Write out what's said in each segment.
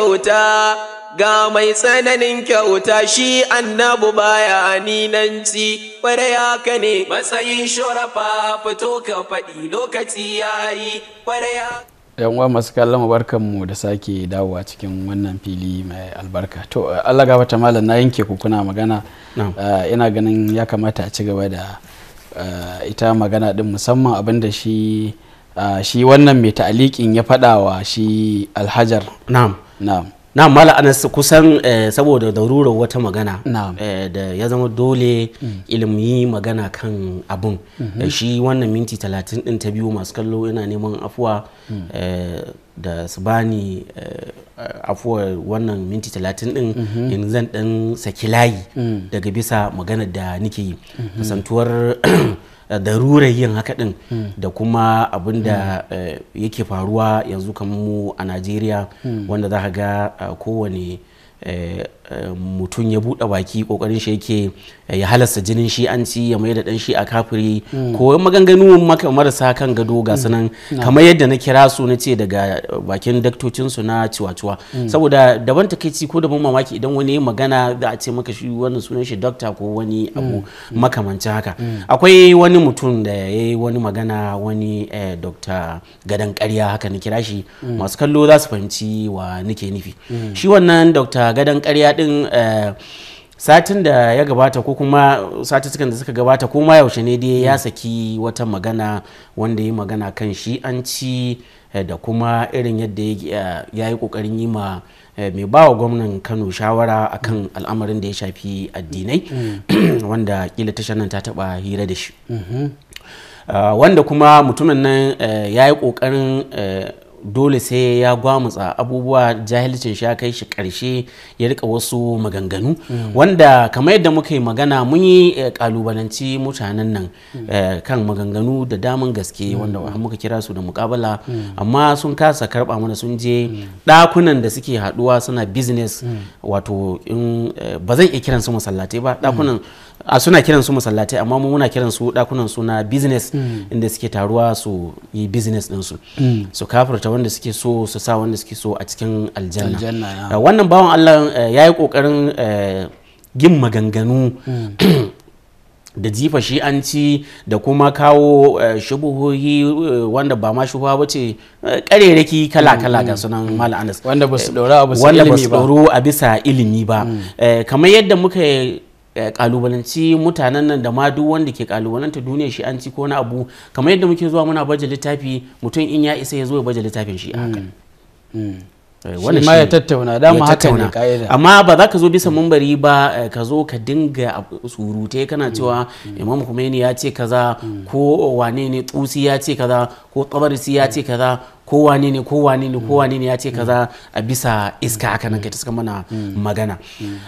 kyauta ga mai tsananin kyauta shi annabu baya ninanci kware ka ne matsayin shurafa fito ka faɗi lokaci yayi kware yan uwa masu kallon barkan mu da sake dawowa cikin wannan fili mai albarka to Allah ta malam na yanke ku kuna magana eh, ina ganin ya kamata a ci gaba da eh, ita magana din musamman abin da shi eh, shi wannan mai ta'alikin ya faɗawa shi alhajar na'am na mala anas kusan eh, saboda darurar wata magana eh, da ya zama dole mm. ilimi magana kan abun mm-hmm. eh, shi wannan minti talatin din ta biyu masu kallo yana neman afuwa mm. da su bani afuwar wannan minti talatin din yanzu mm-hmm. zan dan saki layi mm. daga bisa magana da nike yi mm-hmm. kasantuwar Eh, darurar yin haka din hmm. da kuma abin da hmm. eh, yake faruwa yanzu kamar mu a najeriya hmm. wanda za ka ga eh, kowane mutum ya buɗe baki kokarin shi yake eh, ya halasta jinin shi an ci ya mai da dan shi a kafiri mm. ko maganganu maka marasa kan gado ga sanan mm. kamar yadda na kira su na ce daga eh, bakin daktocin su na ciwaciwa mm. saboda daban ta takeici ko daban mamaki idan wani ya magana za a ce maka shi wannan sunan shi dokta ko wani abu makamancin haka akwai wani mutum da ya yi wani magana wani eh, dokta gadan karya haka na kira shi masu kallo za su fahimci wa nake nufi shi wannan dokta gadan karya ɗin eh, satin da ya gabata ko kuma satin da suka gabata ko ma yaushe ne dai ya mm. saki wata magana wanda ya magana kan shi an ci eh, da kuma irin yadda ya eh, yi kokarin yi ma mai bawa gwamnan kano shawara akan mm. al'amarin da ya shafi addinai mm. wanda kila tashar nan ta taba hira da shi mm-hmm. ah, wanda kuma mutumin nan ya yi kokarin dole sai ya gwamutsa abubuwa jahilcin shi ya kai shi karshe ya rika wasu maganganu mm. wanda kamar yadda muka yi magana mun yi kalubalanci eh, mutanen nan mm. eh, kan maganganu da daman gaske mm. wanda muka kira su da mukabala amma sun kasa karba mana sun je dakunan da suke haduwa suna business wato in eh, ba zan iya kiransu masallatai ba dakunan a suna kiran su masallatai amma mu muna kiran su dakunan su na business mm. inda suke taruwa su yi business din su mm. su kafirta wanda suke so su sa wanda suke so a cikin aljanna eh, wannan bawan Allah eh, ya yi kokarin eh, yin maganganu mm. da jifa shi an ci da kuma kawo shubuhohi wanda ba ma shubuha ba ce karereki kala-kala ga sunan mala anas wanda ba su ɗoro a bisa ilimi ba kamar yadda muka Eh, kalubalanci mutanen nan da ma duk wanda ke kalubalanta duniya shi an ci ko na abu kamar yadda muke zuwa muna baje littafi mutum in ya isa ya zo ya baje littafin shi a hakan mm. mm. Eh, shi ma ya tattauna dama haka ne ka'ida amma ba za ka zo bisa mambari ba eh, ka zo ka dinga surute kana mm. cewa mm. imam Khomeini ya ce kaza mm. ko wane ne tsusi ya ce kaza ko tsabarisi ya ce kaza ko wane ne ko wane ne ko wane ne ya ce kaza a bisa iska haka nan kai ta suka mana magana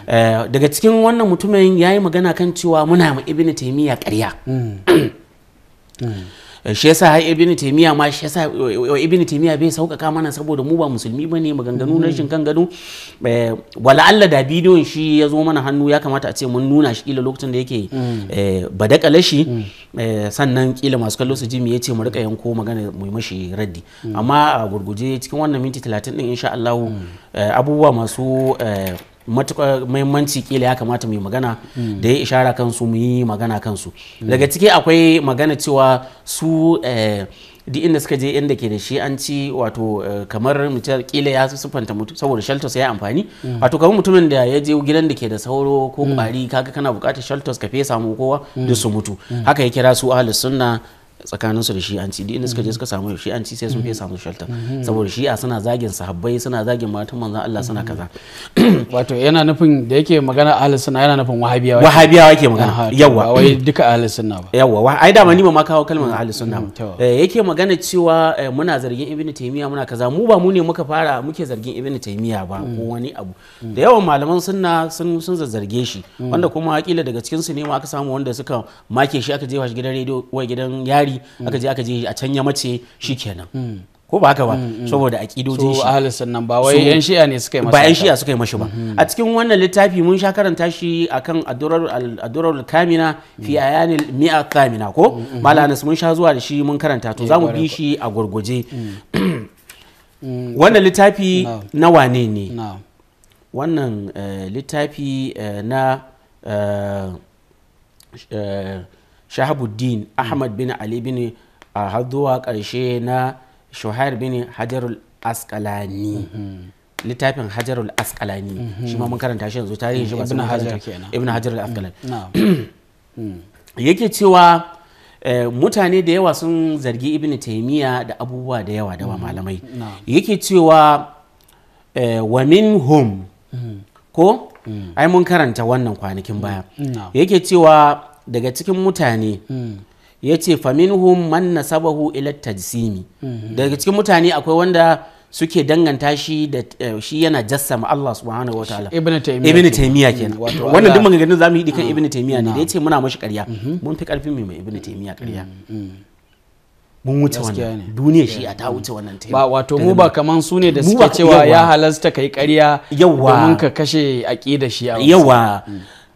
eh, daga cikin wannan mutumin yayi magana kan cewa muna ma ibnu taymiya ƙarya shi yasa har ibn taymiya ma shi yasa ibn taymiya bai saukaka mana saboda mu ba musulmi bane maganganu na shin kan gado eh, wala Allah da bidiyon shi ya zo mana hannu ya kamata a ce mun nuna shi kila lokacin da yake mm. eh, badakala shi mm. eh, sannan kila masu kallo su ji me yace mu rika yanko magana mu mashi raddi mm. amma a gurguje cikin wannan minti 30 din insha Allah abubuwa masu matuƙar muhimmanci kila ya kamata mu yi magana hmm. da ya ishara kansu mu yi magana kansu hmm. daga ciki akwai magana cewa su eh, di inda suka je inda ke da shi an ci wato eh, kamar mutum kila ya siffanta mutum saboda shelters ya amfani hmm. wato kamar mutumin da ya je gidan da ke da sauro ko kwari kaga kana bukatar shaltos ka fesa mu kowa da su mutu haka ya kira su ahlus sunna tsakanin su da shi anci din suka je mhm. suka samu shi anci sai sun mhm. fi samu shelter mhm. saboda shi a suna zagin sahabbai suna zagin matan manzon Allah suna kaza wato yana nufin da yake magana ahli sunna yana nufin wahabiyawa wahabiyawa yake magana yawa wai duka ahli sunna ba yawa ai dama ni ba ma kawo kalmar mm. ahli sunna ba mm, eh, yake magana cewa eh, muna zargin ibn taymiya muna kaza mu ba mu ne muka fara muke zargin ibn taymiya ba ko mm. wani abu da yawan malaman sunna sun sun zarge shi wanda kuma hakila daga cikin su ne ma aka samu wanda suka make shi aka jefa shi gidan rediyo wai gidan yari tsari mm. aka je aka je a can ya mace mm. shikenan ko ba haka ba mm, saboda aqidojin shi ahli sunnan ba wai yan shi'a ne suka yi masa ba yan shi'a suka yi masa ba mm-hmm. a cikin wannan littafi mun sha karanta shi akan adurar adurar kamina fi ayanil mi'a kamina ko mm-hmm. malanas mun sha zuwa da shi mun karanta to eh, zamu bi shi a gurguje wannan littafi na wane ne wannan eh, littafi eh, na shahabuddin ahmad bin ali bin a zuwa ƙarshe na shuhair bin hajarul askalani mhm. littafin hajarul askalani mhm. shi ma mun karanta shi yanzu tarihin shi ba ibn hajarul askalani mm. yake cewa eh, mutane da yawa sun zargi ibn taimiyya da abubuwa da yawa da mm. malamai yake cewa eh, wa Home mm. ko ai mun karanta wannan kwanakin baya yake cewa daga cikin mutane hmm. ya ce faminhum man nasabahu ila tajsimi hmm. daga cikin mutane akwai wanda suke danganta shi da eh, shi yana jassama Allah subhanahu wa ta'ala ibn taymiya kenan hmm, wannan duk maganganun zamu yi dikan ibn taymiya ne da yace muna mashi ƙarya mhm. mun fi ƙarfin mai ibn taymiya ƙarya mun wuce wannan duniya shi a ta wuce wannan tema ba wato mu ba kaman su ne da suke cewa ya halasta kai ƙarya yawa domin ka kashe aqida shi yawa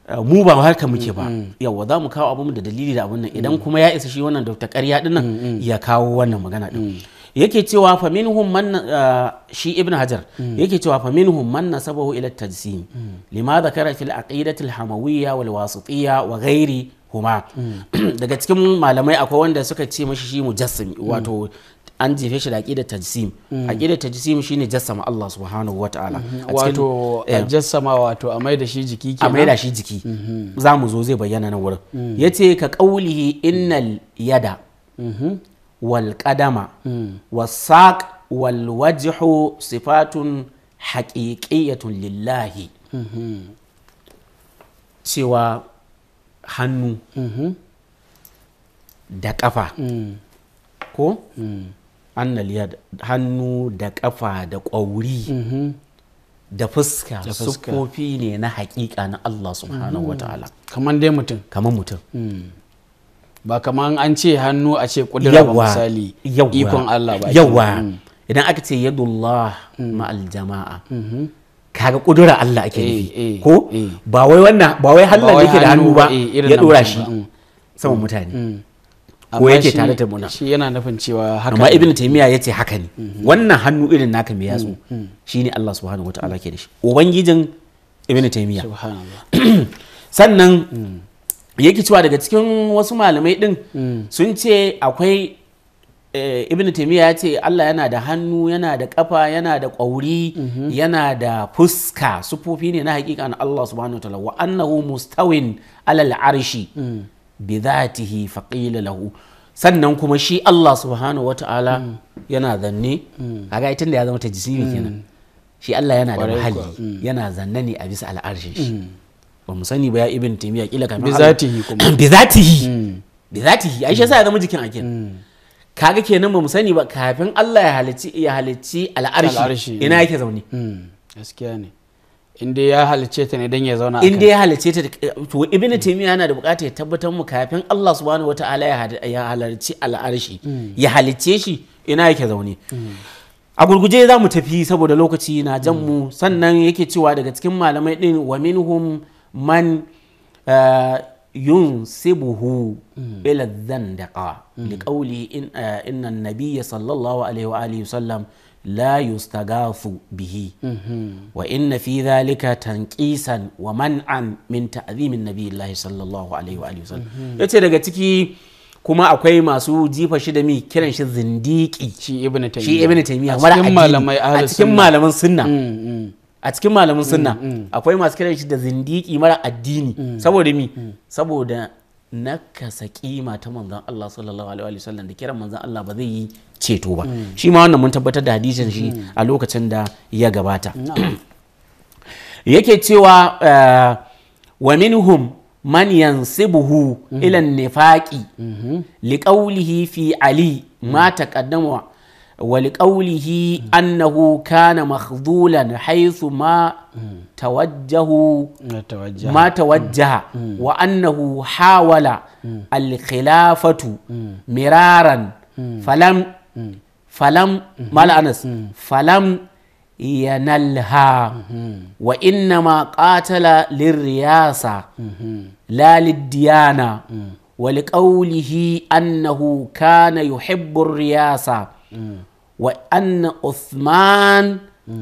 Eh, mu ba harka muke ba mm, mm. yawa za mu kawo abin da dalili da abin nan idan mm. kuma ya isa shi wannan karya ƙarya dinnan ya kawo wannan magana din yake cewa fa minhum man eh, shi ibn hajar yake cewa fa minhum man nasabahu ila tajsim lima zakara fil aqidati al hamawiyya wal wasitiyya wa ghairi huma daga cikin malamai akwai wanda suka ce mashi shi mujassim wato an jefe shi da aqida tajsim mm. aqida tajsim shine jassama Allah subhanahu ta'ala. Mm-hmm. wato eh. jassama wato a maida shi jiki kenan a maida shi jiki mm-hmm. za mu zo zai bayyana nan wurin mm. yace ka qaulihi innal yada mm-hmm. wal qadama mm. was saq wal wajhu sifatun haqiqiyatun lillahi cewa hannu da kafa ko annal yad hannu da kafa da ƙwauri mhm. da fuska kofi ne na haƙiƙa na Allah subhanahu mhm. wataala kamar dai mutum kamar mutum hmm. ba kamar an ce hannu a ce kudura ba misali ikon Allah ba yawa hmm. idan aka ce yadullah hmm. ma'al jama'a mhm. kaga kudura Allah ake eh, nufi eh, ko eh. ba wai wannan ba wai da ke da hannu ba ya dora shi saman mutane ko yake tare da muna shi yana nufin cewa haka amma ibnu taymiya yace haka ne mm-hmm. wannan hannu irin naka mai yatsu mm-hmm. Mm-hmm. shine Allah subhanahu wataala ke da shi ubangijin ibnu taymiya sannan mm. yake cewa daga cikin wasu malamai din mm. sun ce akwai eh, ibnu taymiya ya ce Allah yana da hannu yana da kafa yana da kwauri yana da fuska sufofi ne na hakika hakikan Allah subhanahu wa wa annahu mustawin alal arshi mm. bizatihi dhatihi faqila lahu sannan kuma shi Allah subhanahu wataala mm. yana zanne mm. kaga itin da ya zama ta jisimi mm. kenan shi Allah yana da muhalli yana zanne ne a bisa al'arshi shi ba mu sani ba ya ibn timiya kila kafin bizatihi kuma bizatihi bizatihi aisha sai ya zama jikin akin kaga kenan ba mu sani ba kafin Allah ya halicci ya halicci al'arshi ina yake zaune gaskiya ne inda ya halice ta ne don ya zauna inda ya halice ta to ibn taymiya yana da bukatar ya tabbatar mu kafin Allah subhanahu wataala ya halarci al'arshi mm. ya halice shi ina yake zaune mm. a gurguje za mu tafi saboda lokaci na jan mu mm. sannan yake cewa daga cikin malamai din wa minhum man eh, yunsibuhu ila dhandaqa liqawli eh, inna an-nabiyya sallallahu alaihi wa alihi wasallam la yustaghathu bihi wa inna fi dhalika tanqisan wa man'an min ta'zimin nabiyillahi sallallahu alaihi wa sallam mhm. yace daga ciki kuma akwai masu jifa shi da mi kiran shi zindiki shi ibn taymiya shi ibn taymiya a mm, mm. cikin malaman sunna a cikin mm, malamin sunna akwai masu kiran shi da zindiki mara addini saboda mi saboda nakasa kima ta Manzan Allah sallallahu alaihi wa sallam da kiran Manzan Allah ba zai yi ceto ba shi ma wannan mun tabbatar da hadisin shi a lokacin da ya gabata yake cewa eh, wa minhum man yansibuhu mhm. ila nifaqi mhm. liqawlihi fi ali ma taqaddama ولقوله أنه كان مخذولا حيث ما توجه ما توجه وأنه حاول الخلافة مرارا فلم فلم ما لأنس فلم ينلها وإنما قاتل للرياسة لا للديانة ولقوله أنه كان يحب الرياسة wa anna Uthman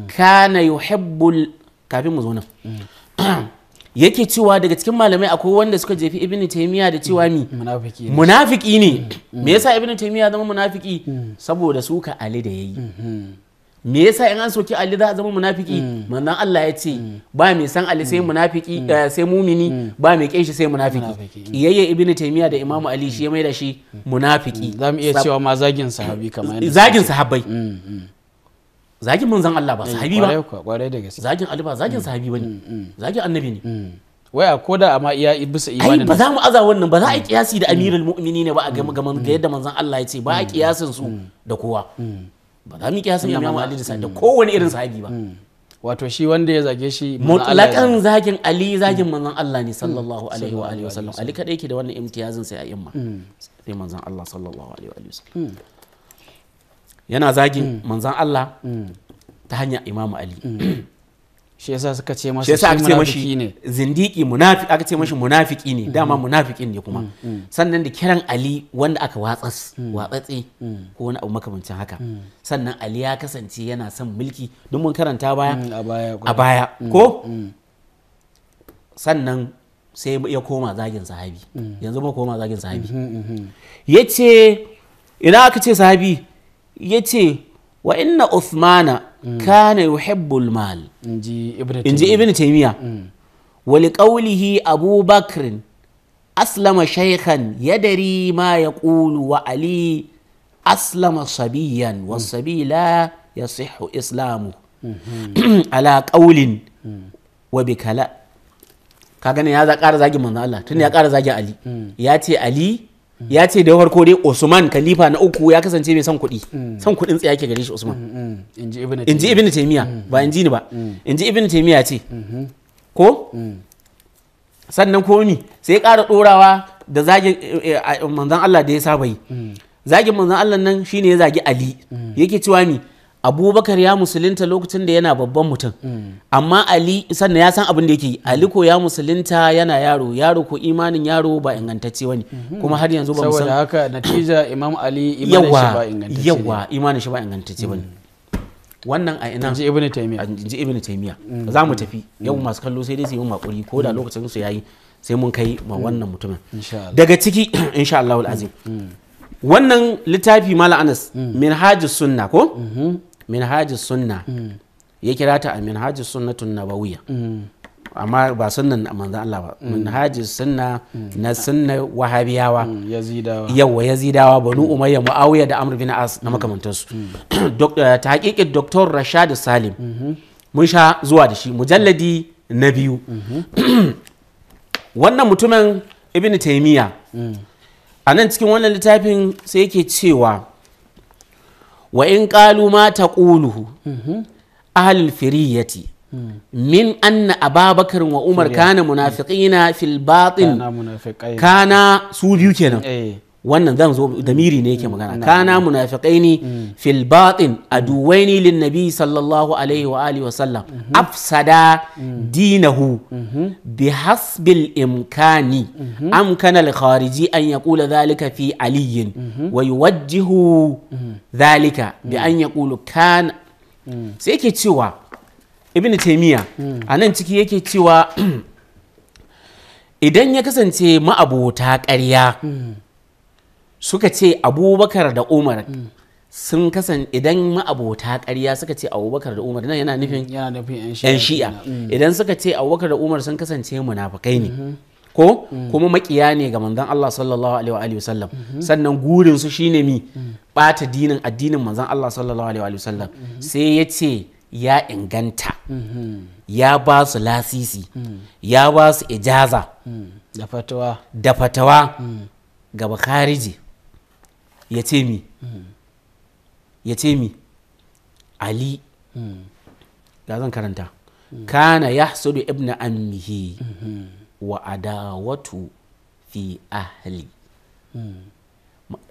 kana yuhibbul kafin mu zo nan yake cewa daga cikin malamai akwai wanda suka jefi ibn taymiya da cewa mi mm. munafiki ne mm. me yasa ibn taymiya zama munafiki mm. saboda suka ali da yayi mm-hmm. me yasa in an soki ali za a zama munafiki mm. manan Allah ya ce mm. ba mai san ali sai mm. munafiki eh, sai mumini ba mai kin shi sai munafiki kiyayya ibn taymiya da imamu ali shi ya maida shi munafiki Za mu iya cewa ma zagin sahabi kamar zagin sahabbai zagin manzon Allah ba eh, sahabi ba kwarai da gaske zagin ali ba zagin sahabi bane zagin annabi ne waya ko da amma iya bisa imanin ba za mu aza wannan ba za a kiyasi da amirul mu'minin ba a ga yadda manzon Allah ya ce ba a kiyasin su da kowa ba za mu ki hasan imamu ali da da mm. kowane irin sahabi ba mm. wato shi wanda ya zage shi mutlakan zagin ali mm. zagin manzon Allah ne sallallahu alaihi wa alihi wasallam ali kadai yake da wannan imtiyazin sai a imma sai manzon Allah sallallahu alaihi wa alihi wasallam yana zagin manzon Allah ta hanyar imamu ali shi yasa suka ce masa shi yasa aka ce mashi ne zindiki munafi aka ce mashi munafiki ne mm-hmm. dama munafikin ne kuma mm-hmm. Mm-hmm. sannan da kiran ali wanda aka watsas watsatse ko wani abu makamancin haka sannan ali ya kasance yana son mulki don mun karanta baya a baya ko sannan sai ya koma zagin sahabi yanzu ma koma zagin sahabi yace ina aka ce sahabi yace wa inna Uthmana kana yuhibbul mal ji ibn taimiyya. wali qawlihi abu bakr aslama ya dari ma ya kulu wa ali aslama sabiyan wa sabila yasihhu islamu ala qawlin wa bi kala. ka ne ya za ƙara zagin manzo Allah tun ya ƙara zagin Ali ya ce Ali ya ce da farko dai Usman kalifa na uku ya kasance mai son kuɗi mm. son kuɗin tsaya ke gare shi Usman mm, mm, in ji Ibn Taymiya ba in ji ni ba in ji Ibn Taymiya ce mm-hmm. ko sannan komi sai kara ɗorawa da zagin eh, eh, manzan Allah da ya saba yi zagin manzan Allah nan shine ya zagi Ali yake cewa ni abubakar ya musulunta lokacin da yana babban mutum amma ali sannan ya san abin da yake ali ko ya musulunta yana yaro yaro ko imanin yaro ba ingantacce wani mhm. kuma har yanzu ba mu saboda haka natija imam ali imanin shi ba ingantacce yawa ba ingantacce bane mhm. wannan a ina inji ibnu taymiya inji ibnu taymiya mhm. za mu tafi yau masu kallo sai dai su yi makuri ko da lokacin su yayi sai mun kai ma wannan mutumin daga ciki insha Allah azim wannan littafi mala anas hajji sunna ko minhajis sunna hmm. ya kira ta a minhajis sunnatun nabawiyya hmm. amma ba sunnan manzan Allah ba hmm. minhajis sunna na sunna wahabiyawa yawa yazidawa banu umayya muawiya da amr bin as na makamantarsu. ta hakikin doktor rashad salim mhm. mun sha zuwa da shi mujalladi na biyu mhm. wannan mutumin ibn taimiyya a nan cikin wannan littafin sai yake cewa wa in qalu ma ƙuluhu mhm. ahlul firiyati min anna ababakar wa umar kana munafiƙina fil batin kana su biyu kenan eh. wannan zan zo da miri ne yake magana kana ne mm. fil batin aduwaini lin nabi sallallahu alaihi wa alihi wa sallam mm-hmm. afsada mm. dinahu mm-hmm. bi hasbil imkani mm-hmm. amkana al khariji an yaqula dhalika fi aliyin wa yuwajjihu dhalika bi mm. an yaqulu kan sai yake cewa ibnu taymiya anan ciki yake cewa idan ya kasance ma'abota ƙarya suka ce abubakar da umar sun kasan idan ma'abota ƙarya suka ce abubakar da umar nan yana nufin yan shi'a mm. idan suka ce abubakar da umar sun kasance munafukai ne mm-hmm. ko mm. kuma makiya ne ga manzon Allah sallallahu alaihi wa sallam mm-hmm. sannan gurin su shine mi bata mm. dinin addinin manzon Allah sallallahu alaihi wa sallam mm-hmm. sai ya ce ya inganta ya ba su lasisi ya ba su ijaza da fatawa ga bakhariji ya ce mi ya ce mi ali ga zan karanta kana ya sudu ibn ammihi wa adawatu fi ahli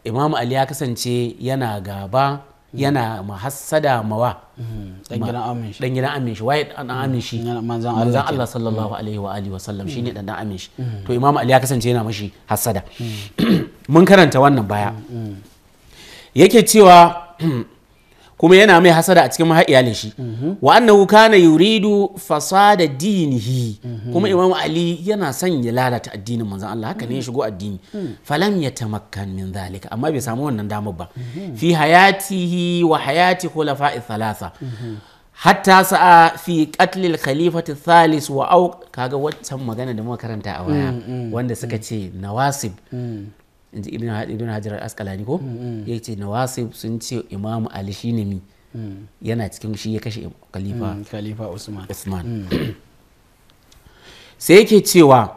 imam ali ya kasance yana gaba yana mahassada mawa mm-hmm. dan gidan amin shi waye dan mm-hmm. amin shi manzon Allah sallallahu mm-hmm. alaihi wa alihi wa sallam shine dan dan amin shi to imam ali ya kasance yana mashi hassada mun karanta wannan baya yake cewa kuma yana mai hasada a cikin iyalin shi wa annahu kana yuridu fasada dinihi kuma imam ali yana son ya lalata addinin manzon Allah haka ne ya shigo addini falam yatamakkan min zalika amma bai samu wannan damar ba fi hayatihi wa hayati khulafa'i thalatha hatta sa'a fi katlil khalifati thalith wa au kaga wancan magana da muka karanta a waya mm, mm. wanda suka ce nawasib mm. inji ibn hajar askalani ko mm, mm. ya ce wasu sun ce imamu ali shi ne mi mm. yana cikin shi ya kashe khalifa usman sai yake cewa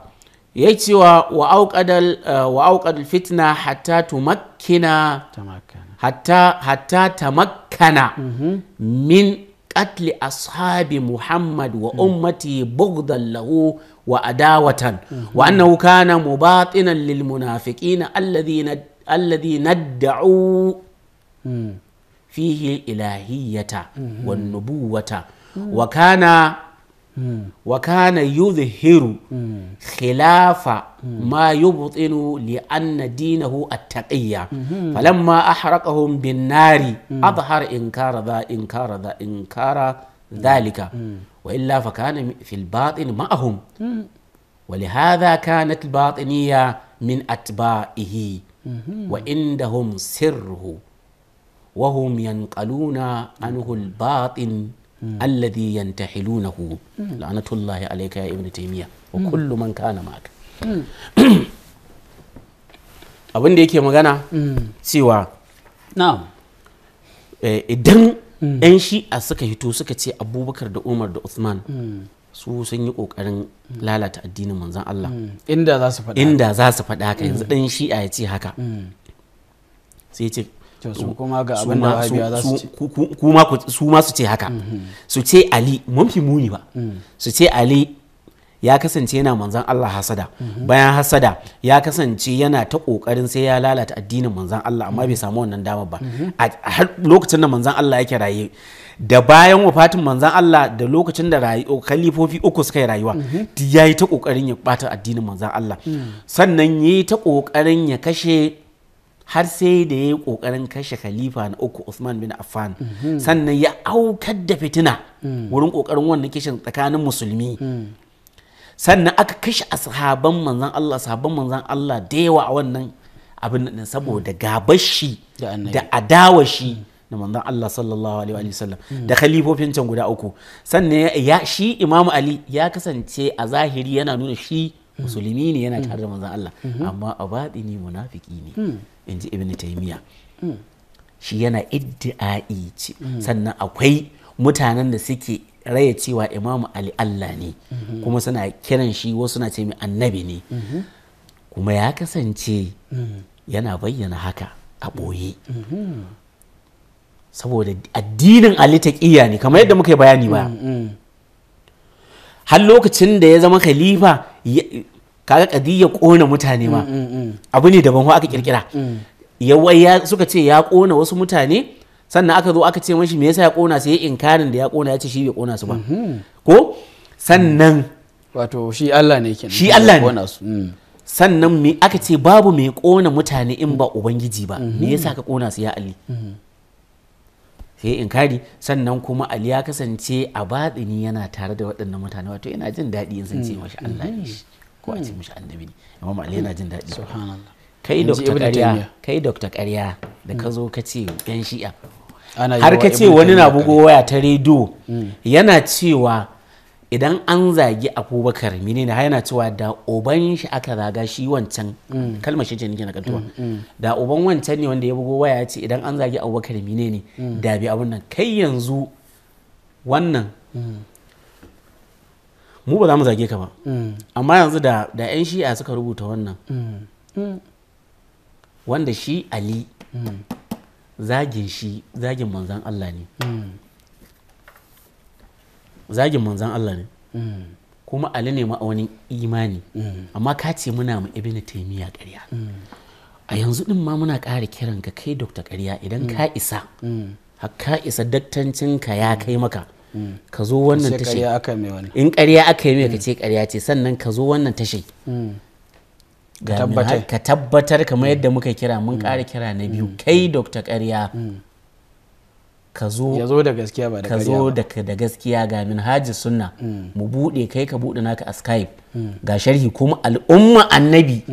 ya cewa wa auƙadar eh, fitna hatta tumakkina hatta tamakkana mm-hmm. min قتل Muhammad wa وأمتي بغضا له وعداوة وأنه كان مباطنا للمنافقين الذين الذين ادعوا فيه الإلهية والنبوة وكان وكان يظهر خلاف ما يبطن لأن دينه التقية فلما أحرقهم بالنار أظهر إنكار ذا إنكار ذا إنكار ذلك وإلا فكان في الباطن معهم ولهذا كانت الباطنية من أتباعه وعندهم سره وهم ينقلون عنه الباطن الذي ينتحلونه لعنة الله عليك يا ابن تيمية وكل من كان معك abin da yake magana cewa idan Mm. 'yan shi'a suka hito suka ce abubakar da umar da uthman mm. su sun yi kokarin mm. lalata addinin manzan Allah inda za su faɗa inda za su faɗa haka yanzu ɗan shi'a ya ce haka sai ce su kuma su ce ma su ce haka mm-hmm. su ce ali mafi muni ba su ce ali ya kasance yana manzan Allah hasada bayan hasada ya kasance yana ta kokarin sai ya lalata addinin manzan Allah amma bai samu wannan dama ba a lokacin da manzan Allah yake raye da bayan wafatin manzan Allah da lokacin da kalifofi uku suka yi rayuwa ya yi ta kokarin ya bata addinin manzan Allah sannan ya yi ta kokarin ya kashe har sai da ya yi kokarin kashe khalifa na uku Usman bin Affan sannan ya aukar da fitina wurin kokarin wannan kishin tsakanin musulmi sannan aka kashe ashaban manzan Allah sahaban manzan Allah da yawa a wannan abin nan saboda gabashi da adawashi da manzan Allah sallallahu alaihi wa da khalifofin can guda uku sannan ya shi Imam Ali ya kasance a zahiri yana nuna shi musulmi ne yana tare da manzan Allah amma a batini munafiki ne inji Ibn Taymiyyah mm. shi yana iddi'ai sannan akwai mutanen da suke raya cewa imamu ali allah ne kuma suna kiran shi wasu na ce mai annabi ne kuma ya kasance yana bayyana haka a ɓoye saboda addinin ali taƙiyya ne kamar yadda muka yi bayani ba har lokacin da ya zama khalifa kaga kadiyya kona mutane ma abu ne daban aka kirkira yawai suka ce ya kona wasu mutane sannan aka zo aka ce mashi me yasa ya kona sai ya inkarin da ya kona ya ce shi bai kona su ba mm-hmm. ko sannan wato shi Allah ne kenan shi Allah ne mm. sannan me aka ce babu mai kona mutane in ba ubangiji ba mm-hmm. me yasa ka kona su ya Ali mm-hmm. sai inkari sannan kuma Ali ya kasance a batsini yana tare da waɗannan mutane wato yana jin daɗi in san ce mashi Allah ne ko a ce mashi annabi ne amma Ali yana jin daɗi subhanallah kai dokta Karya kai dokta da ka mm. zo ka ce yan shi'a har ka ce wani na bugo waya ta rediyo mm. yana cewa idan an zagi abubakar mini na yana cewa da oban shi aka zaga shi wancan mm. kalmar shi ce nake na kantuwa mm, da oban wancan ne wanda ya bugo waya ce idan an zagi abubakar ne da bi abun nan kai yanzu wannan mu ba za mu zage ka ba amma yanzu da da yan shi'a suka rubuta wannan wanda shi ali zagin shi zagin manzan Allah ne hmm. zagin manzan Allah ne hmm. kuma ali ne wani imani hmm. amma ka ce muna mu ibn taimiyya ƙarya a yanzu din ma muna ƙara kiran ka kai dokta ƙarya idan ka isa ka isa daktancin ka ya kai maka ka zo wannan tashi in ƙarya aka yi mai ka ce ƙarya ce sannan ka zo wannan tashi ka tabbatar kamar yadda muka kira mun kara kira na biyu mm. kai dokta karya mm. ka zo da gaskiya ga min haji suna sunna mm. mu buɗe kai ka buɗe naka a skype ga sharhi kuma al'umma annabi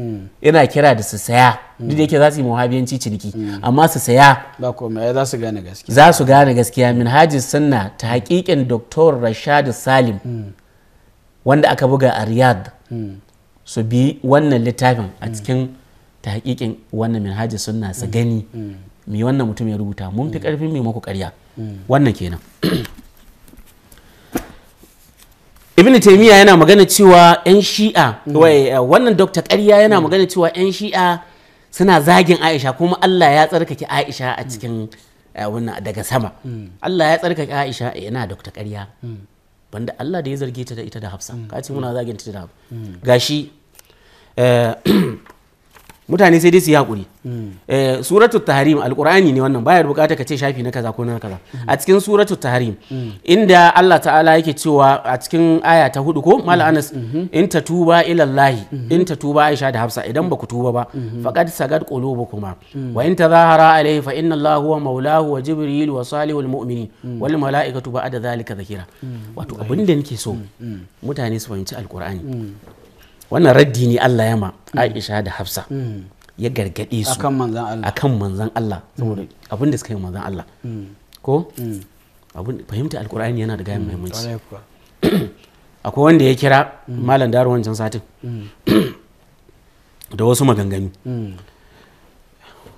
yana kira da su saya duk da yake za su yi muhabiyanci ciniki amma su saya za su gane gaskiya min haji suna sunna ta hakikin doktor rashad salim wanda aka buga a riyadh su bi wannan littafin a mm. cikin ta hakikin wannan minhajin sunna su mm. gani mai mm. wannan mutum ya rubuta mun fi karfin mai maku karya wannan kenan ibn taimiyya yana magana cewa 'yan shi'a eh, wannan dokta karya yana magana cewa 'yan shi'a suna zagin aisha kuma allah ya tsarkake aisha a cikin eh, wannan daga sama allah ya tsarkake aisha eh, yana dokta karya banda Allah da ya zarge ta da ita da Hafsa mm. ka ce muna mm. zagin ta da Hafsa mm. gashi eh, mutane sai dai su yi hakuri mm. eh, suratul tahrim alkurani ne wannan baya bukata ka ce shafi na kaza ko na kaza mm. a cikin suratu tahrim mm. inda Allah ta'ala yake cewa a cikin aya ta hudu ko mal anas mm-hmm. in ta ila Allah mm-hmm. in ta tuba Aisha da Hafsa idan ba ku tuba ba mm-hmm. faqad sagad qulubukuma wa in tazahara alayhi fa inna Allah huwa maulahu wa jibril wa salihul mu'minin wal malaikatu ba'da zalika zakira wato abinda da nake so mutane su fahimci alkur'ani wannan raddi ne Allah ya ma mm. Aisha da Hafsa mm. ya gargade su akan manzan Allah Allah. Mm. abin da suka yi manzan Allah ko abin fahimta alkur'ani yana da gayan muhimmanci akwai wanda ya kira malam daro wancan satin da wasu maganganu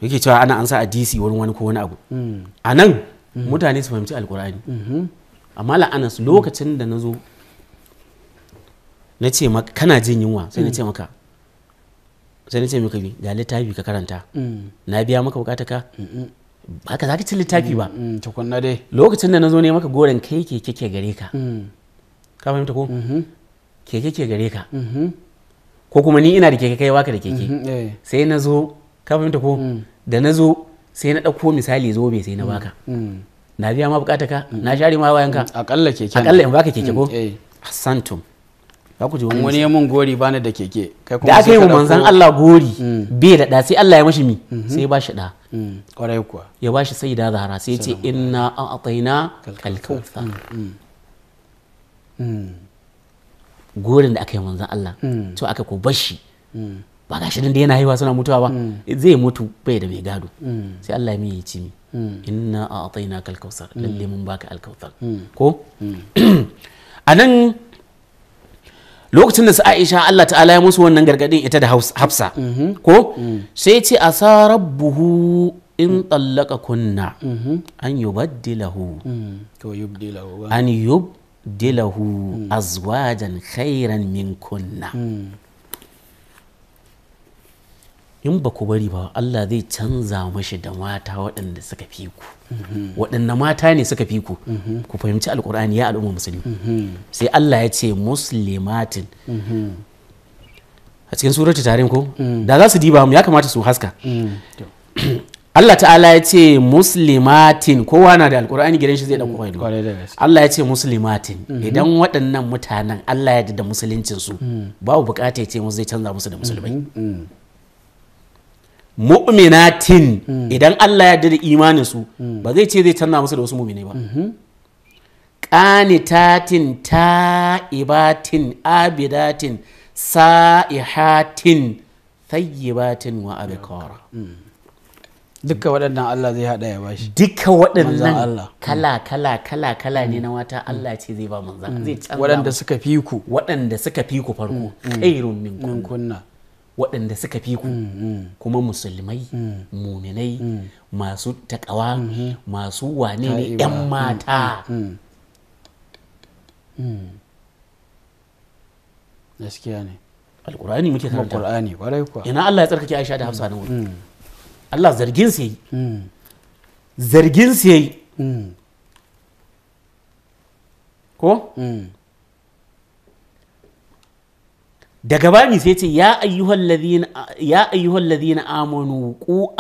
yake cewa ana an sa a dc wani wani ko wani abu a nan mutane su fahimci alkur'ani mm-hmm. amma la'anas lokacin da na zo na ce maka kana jin yunwa sai na mm. ce maka sai na ce maka bi ga littafi ka karanta mm. na biya maka bukata ka haka mm, za ka ci littafi ba tukunna dai lokacin da na zo ne maka goren kai ke kike gare ka ka fahimta ko mm-hmm. ke kike gare ka mm-hmm. ko kuma ni ina da keke kai waka da keke mm-hmm, eh. sai na zo ka fahimta ko da na zo sai na ɗauko misali zobe sai na baka na biya ma bukata ka na share ma wayanka akalla keke akalla in baka keke ko eh. asantum ya ku je wani wani ya mun gori bani da keke kai kuma da aka yi wa Allah gori mm. bai da da sai Allah ya mashi mi mhm. sai ya bashi da mm. kwarai kuwa ya bashi sai da zahara sai ya ce inna an ataina kalkalta mm, gorin da aka yi manzan Allah to aka ko bashi ba ga shirin da yana haihuwa suna mutuwa ba zai mutu bai da mai gado sai Allah ya mi ci mi inna a ataina kalkausar lalle mun baka alkautar ko a nan lokacin da su aisha Allah ta'ala ya musu wannan gargadin ita da hafsa mm-hmm. ko mm. sai ce a sa rabbuhu in mm. tsallaka kunna an mm-hmm. baddilahu an yubaddilahu mm. azwajan khairan min kunna in ba ku bari ba Allah zai canza mashi da mata waɗanda suka fi ku waɗanda mata ne suka fi ku ku fahimci alkur'ani ya al'umma musulmi sai Allah ya ce muslimatin a cikin suratu tarin ko da za su diba mu ya kamata su haska Allah ta'ala ya ce muslimatin kowa na da alkur'ani gidan shi zai da ido Allah ya ce muslimatin idan waɗannan mutanen Allah ya da musuluncin su babu bukata ya ce musu zai canza musu da musulmai mm-hmm. Mm-hmm. mu'minatin hmm. idan Allah ya da imanin su hmm. ba zai ce zai canza musu da wasu mu'minai ba mm-hmm. qanitatin ta'ibatin abidatin sa'ihatin thayyibatin wa abikara mm. dukkan waɗannan Allah zai haɗa ya bashi dukkan waɗannan kala mm. kala kala kala ne na mm. wata Allah ce zai ba manzan waɗanda suka fi ku waɗanda suka fi ku farko khairun min waɗanda suka fi ku mm, mm. kuma musulmai mm. muminai masu takawa mm-hmm. masu wane ne 'yan mata gaskiya ne alkur'ani muke kuma alkur'ani kwarai kuwa ina Allah ya tsarkake Aisha da Hafsa na wuri Allah zargin su yi zargin su yi ko daga bani sai ce ya ayyuhal ladhina amanu ku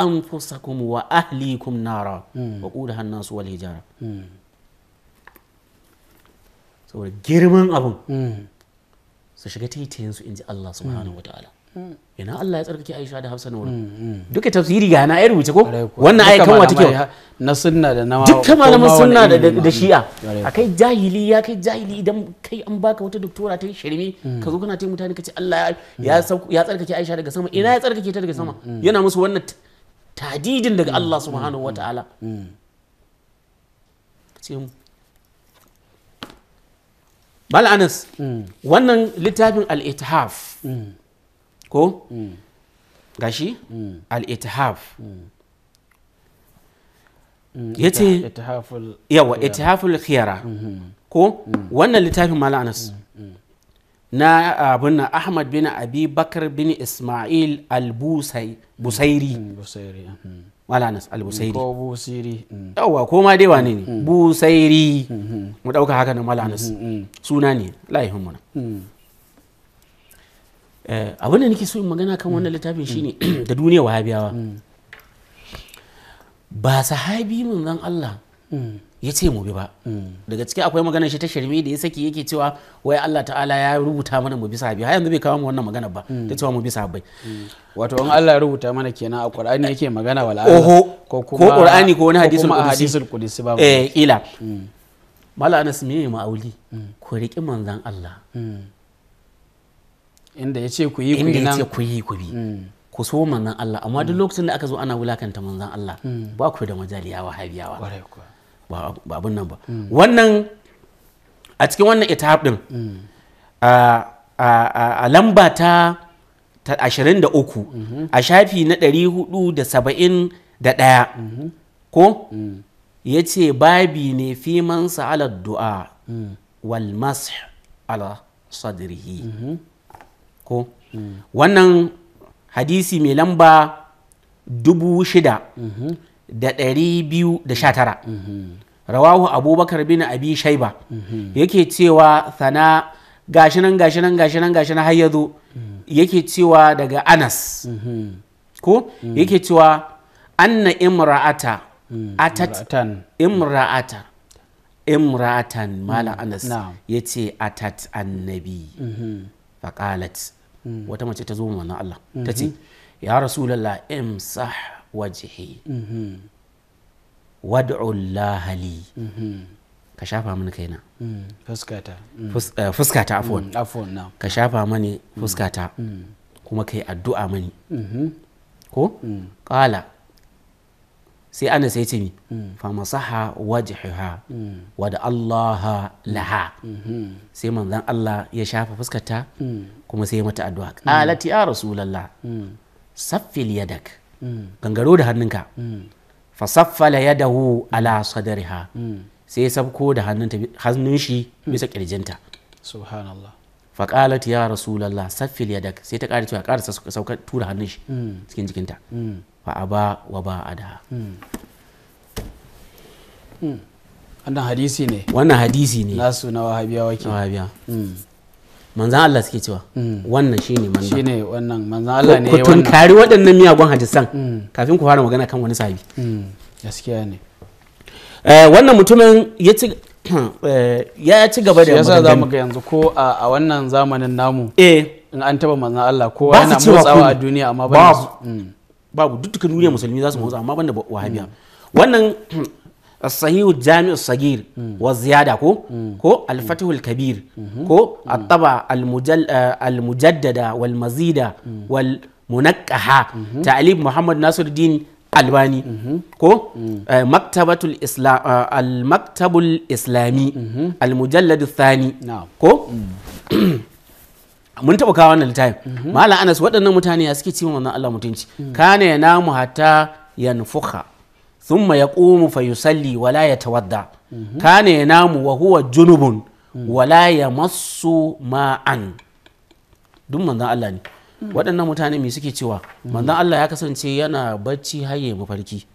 kuma wa ahlikum nara hmm. wa da hannun su wale jara hmm. saboda girman abun hmm. su shiga taitayen su inji Allah subhanahu wataala ina Allah ya tsarkake Aisha da Hafsa wurin mm, mm. duka tafsiri ga na ya rubuce ko wannan ayi kan wata kyau na sunna da na duka malaman sunna da shi'a akai jahili ya kai jahili idan kai an baka wata doktora ta shirme mm. ka zo kana ta mutane ka Allah ya ya tsarkake Aisha daga sama ina ya tsarkake ta daga sama yana musu wannan tadidin daga Allah subhanahu wataala Bal Anas wannan littafin al-ithaf ko mm. gashi mm. al-ithaf mm. yace yawa itihaful khiyara mm-hmm. ko wannan littafin malam Anas na abin Ahmad bin Abi Bakar bin Ismail al-Busairi Busairi mm-hmm. malam Anas al-Busairi ko busiri yawa ko ma dai wane ne Busairi mm-hmm. mu dauka haka na malam Anas suna ne la yahumuna Eh, abin da nake so in magana kan wannan littafin shine da duniya wahabiyawa mm. ba sahabi zan Allah mm. ya ce mu bi ba mm. daga ciki akwai magana shi ta sharmi da ya saki yake cewa wai Allah ta'ala ya rubuta mana mu bi sahabi har yanzu bai kawo mu wannan magana ba ta cewa mu bi sahabbai wato in Allah ya rubuta mana kenan a Qur'ani yake magana wal Allah ko kuma ko Qur'ani ko wani hadisul hadisul qudsi ba eh kila mala anas me auli ko riki manzan Allah inda ya ce ku yi ku nan ku yi ku bi mm. ku so manzon Allah amma duk mm. lokacin da aka zo ana wulakanta manzon Allah mm. ba ku da majaliya habiyawa ba abun nan ba wannan a cikin wannan ita din a lamba ta 23 mm-hmm. a shafi na 471 mm-hmm. ko ya ce babi ne fi man sa'alar du'a wal masih ala sadrihi mm-hmm. ko mm. wannan hadisi mai lamba dubu shida mm-hmm. da ɗari biyu da sha tara mm-hmm. rawahu abubakar bin abi shaiba mm-hmm. yake cewa sana gashi nan gashi nan gashi nan har ya zo mm. yake cewa daga anas ko mm. yake cewa anna imra'ata atat imra'ata imra'atan mala anas ya ce atat annabi faqalat mm. wata mace ta zo mana Allah ta mm-hmm. ce ya rasulullah imsah wajhi mm-hmm. wad'u Allah li mm-hmm. ka shafa mini kaina mm. fuskata mm. Eh, fuskata afwan afwan na ka shafa mani fuskata kuma kai addu'a mani ko qala sai ana sai ce mi mm. masaha wajhiha mm. wa da Allah laha mm-hmm. sai manzon Allah ya shafa fuskarta mm. kuma sai mata addu'a Alati ya rasulullah saffil yadak gangaro da hannunka fa saffala yadahu ala sadriha sai sabko da hannun shi bisa kirjinta subhanallah faƙalat ya rasulallah saffil yadak sai ta ƙara cewa ƙara saukar tura hannun shi mm. cikin jikinta mm. fa a ba wa ba a da mm. wannan hadisi ne wannan hadisi ne nasu na wahabiya wake wahabiya manzan Allah suke cewa wannan shine manzan shine wannan manzan Allah ne wannan ku kari waɗannan miyagun hadisan kafin ku fara magana kan wani sahabi gaskiya ne eh, wannan mutumin ya ci Eh, ya ci gaba da yasa za mu ga yanzu ko a wannan zamanin namu eh in an taba manzan Allah ko yana motsawa a duniya amma ba mm. babu duk dukkan duniya musulmi za su motsa amma banda wahabiya mm. wannan sahihu jami'u sagir mm. wa ziyada ko ko al-fatihul kabir mm-hmm. ko at-taba eh, al-mujaddada wal mazida wal munakkaha mm-hmm. ta'alib muhammad nasiruddin albani mhm. ko mhm. Eh, maktabatul islam eh, al maktabul islami mhm. al mujallad thani ko mm. mun taɓa kawo wannan littafin malam anas waɗannan mutane ya suke cimma manzon allah mutunci mm. kana ya namu hatta yanfukha thumma yaqumu fa yusalli wala yatawadda kana ya namu wa huwa junubun mm. wala yamassu ma'an duk manzon allah ne waɗannan mutane me suke cewa manzon Allah ya kasance yana bacci har ya mafarki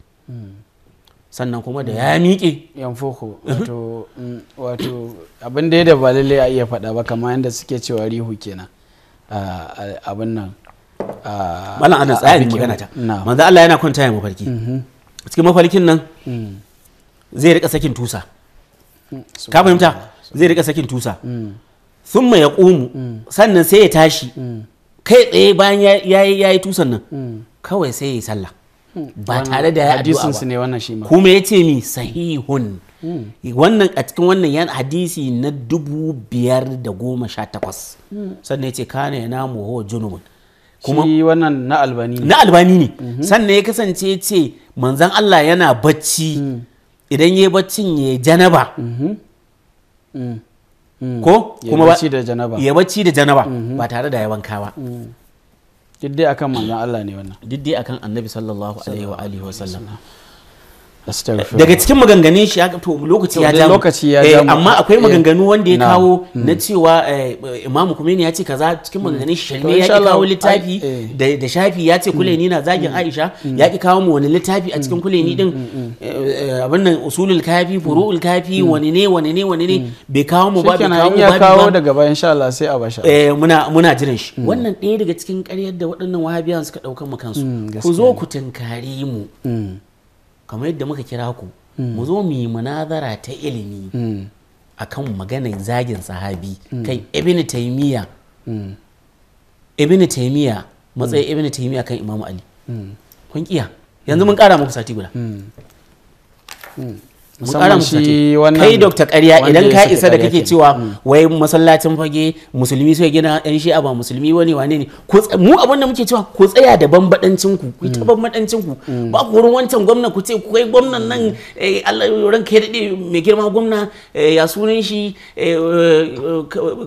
sannan kuma da ya miƙe yan foko mm, wato abin da da lalle a iya faɗa ba kamar yadda suke cewa rihu kenan abin nan malam ana tsaya ne magana ta Manzan Allah yana kwanta ya mafarki mm-hmm. cikin mafarkin nan mm. zai rika sakin tusa mm, ka fahimta zai rika sakin tusa Sun thumma ƙumu. sannan sai ya tashi kai tsaye bayan ya yi tusan nan hmm. kawai sai ya yi sallah hmm. ba tare da ya addu'a ba ne wannan shi ma kuma yace mi sahihun hmm. wannan a cikin wannan yan hadisi na dubu biyar da goma sha takwas sannan yace kana ya namu ho junubun kuma shi wannan na albani na albani ne mhm. sannan ya kasance ce manzan Allah yana bacci idan ya baccin ya janaba mhm. Mm. ko kuma ba da janaba ya bacci da janaba mm-hmm. ba tare da yawan kawa ba mm. akan manzon Allah ne wannan duk akan annabi sallallahu alaihi wa alihi wa sallam daga cikin maganganun shi to lokaci ya jamu lokaci ya jamu eh, amma akwai eh, maganganu wanda ya kawo hmm. na cewa eh, imamu kumeni ya ce kaza cikin maganganun shi hmm. shalme ya kawo littafi da shafi ya ce kuleni na zagin hmm. aisha ya ki kawo mu wani littafi a cikin kuleni din abin nan usulul kafi furu'ul kafi wani ne wani ne wani ne bai kawo mu ba bai kawo mu kawo daga bayan insha Allah sai a basha eh muna muna jiran shi wannan ɗaya daga cikin ƙaryar da waɗannan wahabiyan suka ɗaukan mu kansu ku zo ku tunkare mu kamar yadda muka kira ku hmm. mu zo mu yi munazara ta ilimi hmm. akan maganar zagin sahabi hmm. kan ibn taymiya ibn taymiya matsayin ibn taymiya kan imamu ali kun kiya yanzu mun kara muku sati guda musamman shi wannan kai dokta karya idan ka isa da kake cewa mm. wai masallacin fage musulmi suka gina yan shi ba musulmi wani wane ne mu abin da muke cewa ku tsaya da bambadancin ku ku ta mm. bambadancin ku mm. ba ku wurin wancan gwamna ku ce ku kai gwamnan nan eh, Allah ran kai dade mai girma gwamna eh, ya sunan shi eh,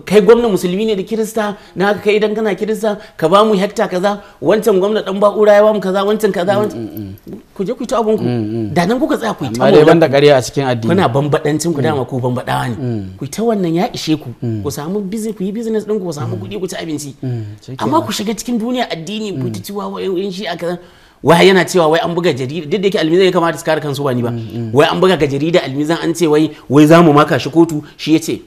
kai gwamna musulmi ne da kirista na haka kai idan kana kirista ka ba mu hekta kaza wancan gwamna dan ba'ura ya ba mu kaza wancan kaza wancan ku je ku ta abun ku da nan kuka tsaya ku ta cikin addini kuna bambadancin ku dama mm. ku bambadawa ne mm. ku ta wannan ya ishe ku mm. ku samu business ku yi business din ku samu kuɗi ku ci abinci amma ku shiga cikin duniya addini ku ta ciwa yan shi a wai yana cewa wai an buga jarida duk da yake almizan ya kamata su kare kansu ba ni ba wai an buga ga jarida almizan an ce wai wai zamu maka shi kotu shi yace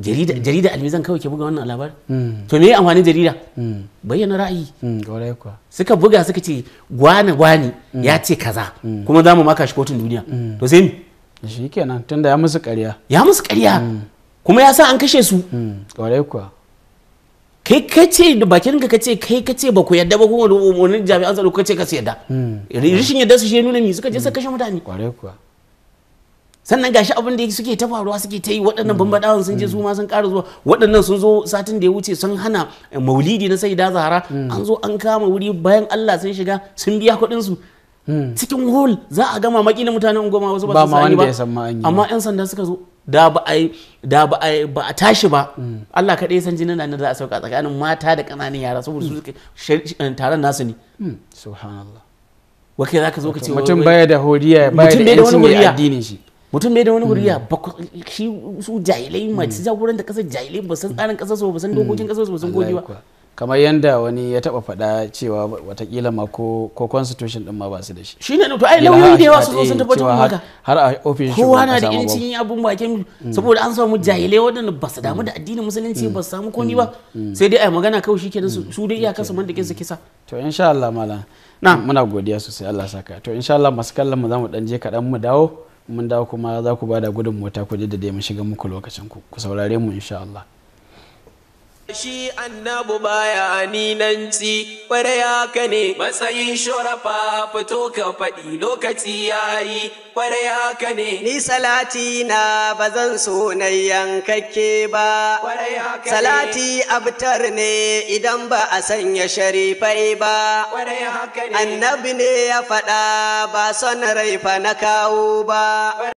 jarida mm. jarida almizan kawai ke buga wannan labarin mm. to me amfanin jarida mm. bayyana ra'ayi suka buga suka ce gwana gwani ya ce kaza kuma za mu maka shi kotun duniya to sai mi shi kenan tunda ya musu ƙarya ya musu ƙarya kuma ya sa an kashe su kwarai kuwa kai kace da bakin ka kace kai kace ba ku yadda ba kuma wani jami'an tsaro kace ka su yadda rishin yadda su shi nuna mi suka je suka kashe mutane kwarai kuwa sannan gashi abin da suke ta faruwa suke ta yi waɗannan mm. bambadawan sun je mm. su ma sun ƙara zuwa waɗannan sun zo satin da ya wuce sun hana eh, maulidi na sai da zahara mm. an zo an kama wuri bayan Allah sun shiga sun biya kuɗin su cikin hol za a gama maki na mutanen goma wasu ba su sani ba amma yan sanda suka zo da ba a da ba a ba a tashi ba Allah kaɗai san jinin da za a sauka tsakanin mata da ƙananan yara saboda su suke eh, taron nasu ne subhanallah kai zaka zo ka ce mutum baya da horiya baya da yancin addinin shi mutum bai da wani wuri ya mm. shi su jahilai mm. masu jagoran da kasar jahilai ba san tsarin kasar su mm. ba san dokokin kasar su ba san goge ba kamar yadda wani ya taba faɗa cewa watakila ma ko ko constitution din ma ba su da shi shine to ai lauyoyi da yawa su zo sun tabbatar da haka har a ofishin shi kowa na da yancin yin abun bakin saboda an samu jahilai waɗanda ba su damu da addinin musulunci ba su samu komai ba sai dai ai magana kawai shikenan su dai iyakar su man da kinsu kisa to insha Allah mala na muna godiya sosai Allah saka to insha Allah masu kallon mu zamu dan je kaɗan mu dawo mun dawo kuma za ku bada gudun mota ku da mu shiga muku lokacin ku ku saurare mu insha Allah shi annabu baya ninanci kwarai haka ne matsayin shurafa fito ka faɗi lokaci yayi kwarai haka ne ni salati na bazan so na yankake ba salati abtar ne idan ba a sanya sharifai ba annabi ne ya faɗa ba son fa na kawo ba